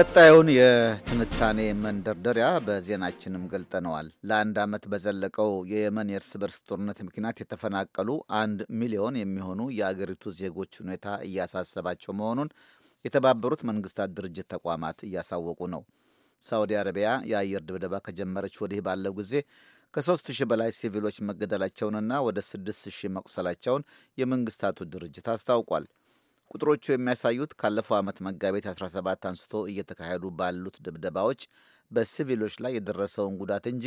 ቀጣዩን የትንታኔ መንደርደሪያ በዜናችንም ገልጠነዋል። ለአንድ ዓመት በዘለቀው የየመን የእርስ በርስ ጦርነት ምክንያት የተፈናቀሉ አንድ ሚሊዮን የሚሆኑ የአገሪቱ ዜጎች ሁኔታ እያሳሰባቸው መሆኑን የተባበሩት መንግስታት ድርጅት ተቋማት እያሳወቁ ነው። ሳውዲ አረቢያ የአየር ድብደባ ከጀመረች ወዲህ ባለው ጊዜ ከሦስት ሺህ በላይ ሲቪሎች መገደላቸውንና ወደ ስድስት ሺህ መቁሰላቸውን የመንግስታቱ ድርጅት አስታውቋል። ቁጥሮቹ የሚያሳዩት ካለፈው ዓመት መጋቢት 17 አንስቶ እየተካሄዱ ባሉት ድብደባዎች በሲቪሎች ላይ የደረሰውን ጉዳት እንጂ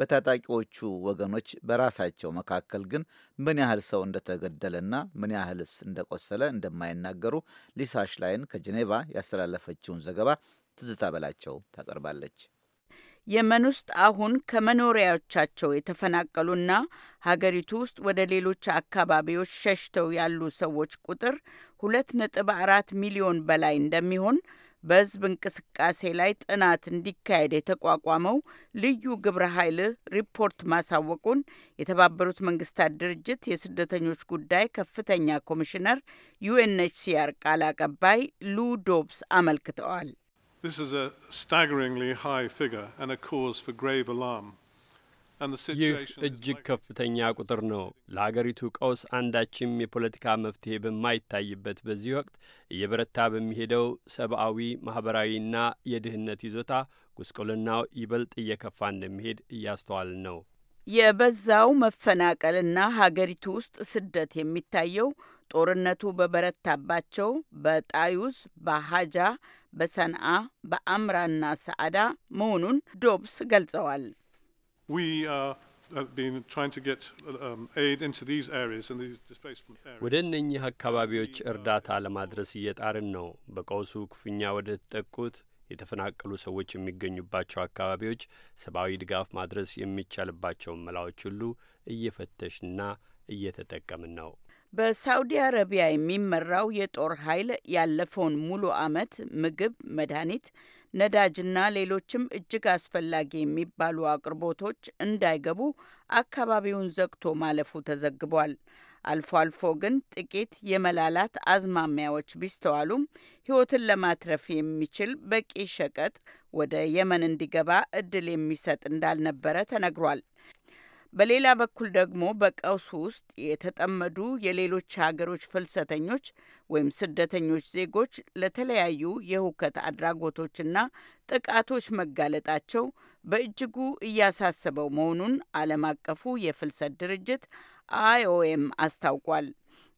በታጣቂዎቹ ወገኖች በራሳቸው መካከል ግን ምን ያህል ሰው እንደተገደለና ምን ያህልስ እንደቆሰለ እንደማይናገሩ ሊሳ ሽላይን ከጄኔቫ ያስተላለፈችውን ዘገባ ትዝታ በላቸው ታቀርባለች። የመን ውስጥ አሁን ከመኖሪያዎቻቸው የተፈናቀሉና ሀገሪቱ ውስጥ ወደ ሌሎች አካባቢዎች ሸሽተው ያሉ ሰዎች ቁጥር ሁለት ነጥብ አራት ሚሊዮን በላይ እንደሚሆን በሕዝብ እንቅስቃሴ ላይ ጥናት እንዲካሄድ የተቋቋመው ልዩ ግብረ ኃይል ሪፖርት ማሳወቁን የተባበሩት መንግስታት ድርጅት የስደተኞች ጉዳይ ከፍተኛ ኮሚሽነር ዩኤንኤችሲአር ቃል አቀባይ ሉ ዶብስ አመልክተዋል። ይህ እጅግ ከፍተኛ ቁጥር ነው። ለሀገሪቱ ቀውስ አንዳችም የፖለቲካ መፍትሄ በማይታይበት በዚህ ወቅት እየበረታ በሚሄደው ሰብአዊ ማኅበራዊና የድህነት ይዞታ ጉስቁልናው ይበልጥ እየከፋ እንደሚሄድ እያስተዋልን ነው። የበዛው መፈናቀልና ሀገሪቱ ውስጥ ስደት የሚታየው ጦርነቱ በበረታባቸው በጣዩዝ፣ በሀጃ በሰንዓ በአምራና ሰዓዳ መሆኑን ዶብስ ገልጸዋል። uh, um, ወደ እነኚህ አካባቢዎች እርዳታ ለማድረስ እየጣርን ነው። በቀውሱ ክፉኛ ወደ ተጠቁት የተፈናቀሉ ሰዎች የሚገኙባቸው አካባቢዎች ሰብአዊ ድጋፍ ማድረስ የሚቻልባቸውን መላዎች ሁሉ እየፈተሽና እየተጠቀምን ነው። በሳውዲ አረቢያ የሚመራው የጦር ኃይል ያለፈውን ሙሉ ዓመት ምግብ፣ መድኃኒት፣ ነዳጅና ሌሎችም እጅግ አስፈላጊ የሚባሉ አቅርቦቶች እንዳይገቡ አካባቢውን ዘግቶ ማለፉ ተዘግቧል። አልፎ አልፎ ግን ጥቂት የመላላት አዝማሚያዎች ቢስተዋሉም ሕይወትን ለማትረፍ የሚችል በቂ ሸቀጥ ወደ የመን እንዲገባ እድል የሚሰጥ እንዳልነበረ ተነግሯል። በሌላ በኩል ደግሞ በቀውሱ ውስጥ የተጠመዱ የሌሎች ሀገሮች ፍልሰተኞች ወይም ስደተኞች ዜጎች ለተለያዩ የሁከት አድራጎቶችና ጥቃቶች መጋለጣቸው በእጅጉ እያሳሰበው መሆኑን ዓለም አቀፉ የፍልሰት ድርጅት አይኦኤም አስታውቋል።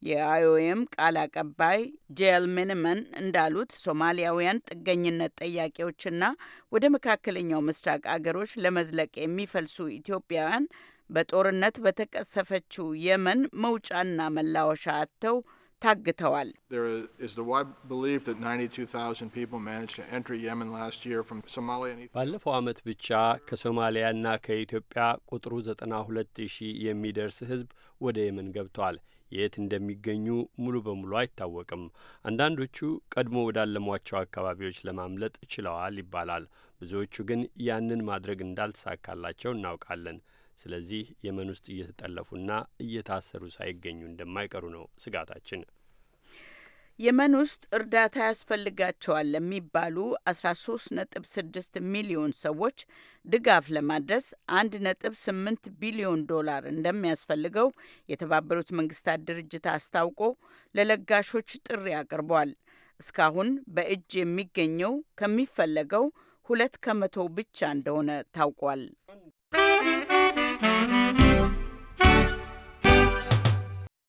የአይኦኤም ቃል አቀባይ ጄል ሚኒመን እንዳሉት ሶማሊያውያን ጥገኝነት ጠያቂዎችና ወደ መካከለኛው ምስራቅ አገሮች ለመዝለቅ የሚፈልሱ ኢትዮጵያውያን በጦርነት በተቀሰፈችው የመን መውጫና መላወሻ አጥተው ታግተዋል። ባለፈው ዓመት ብቻ ከሶማሊያና ከኢትዮጵያ ቁጥሩ 92 ሺህ የሚደርስ ሕዝብ ወደ የመን ገብቷል። የት እንደሚገኙ ሙሉ በሙሉ አይታወቅም። አንዳንዶቹ ቀድሞ ወዳለሟቸው አካባቢዎች ለማምለጥ ችለዋል ይባላል። ብዙዎቹ ግን ያንን ማድረግ እንዳልተሳካላቸው እናውቃለን። ስለዚህ የመን ውስጥ እየተጠለፉና እየታሰሩ ሳይገኙ እንደማይቀሩ ነው ስጋታችን። የመን ውስጥ እርዳታ ያስፈልጋቸዋል ለሚባሉ 13.6 ሚሊዮን ሰዎች ድጋፍ ለማድረስ 1.8 ቢሊዮን ዶላር እንደሚያስፈልገው የተባበሩት መንግስታት ድርጅት አስታውቆ ለለጋሾች ጥሪ አቅርቧል። እስካሁን በእጅ የሚገኘው ከሚፈለገው ሁለት ከመቶ ብቻ እንደሆነ ታውቋል። Thank you.